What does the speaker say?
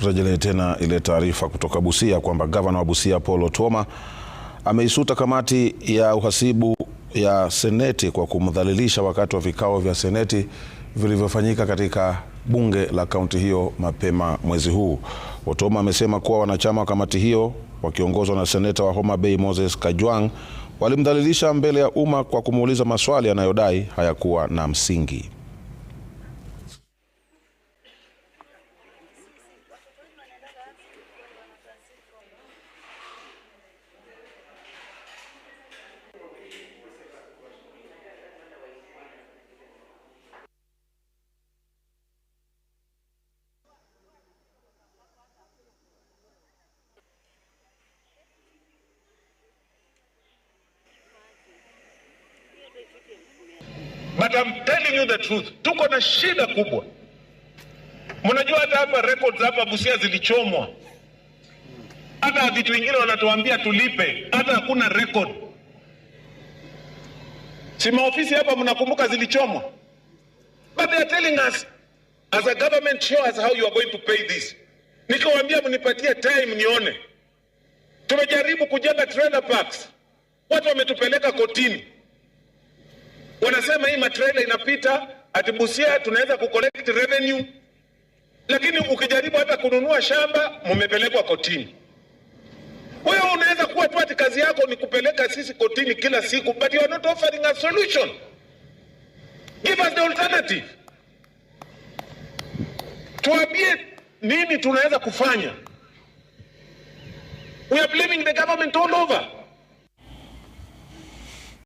turejelee tena ile taarifa kutoka Busia kwamba gavana wa Busia Paul Otuoma ameisuta kamati ya uhasibu ya seneti kwa kumdhalilisha wakati wa vikao vya seneti vilivyofanyika katika bunge la kaunti hiyo mapema mwezi huu. Otuoma amesema kuwa wanachama wa kamati hiyo wakiongozwa na seneta wa Homa Bay Moses Kajwang' walimdhalilisha mbele ya umma kwa kumuuliza maswali yanayodai hayakuwa na msingi. But I'm telling you the truth, tuko na shida kubwa. Mnajua hata hapa records hapa Busia zilichomwa, hata vitu vingine wanatuambia tulipe, hata hakuna record. Si maofisi hapa mnakumbuka zilichomwa, but they are telling us as a government show us how you are going to pay this. Nikawaambia mnipatie time nione. Tumejaribu kujenga trailer parks, watu wametupeleka kotini Unasema hii matrela inapita ati Busia tunaweza kucollect revenue, lakini ukijaribu hata kununua shamba mumepelekwa kotini. Wewe unaweza kuwa tu ati kazi yako ni kupeleka sisi kotini kila siku, but you are not offering a solution. Give us the alternative. Tuambie nini tunaweza kufanya. We are blaming the government all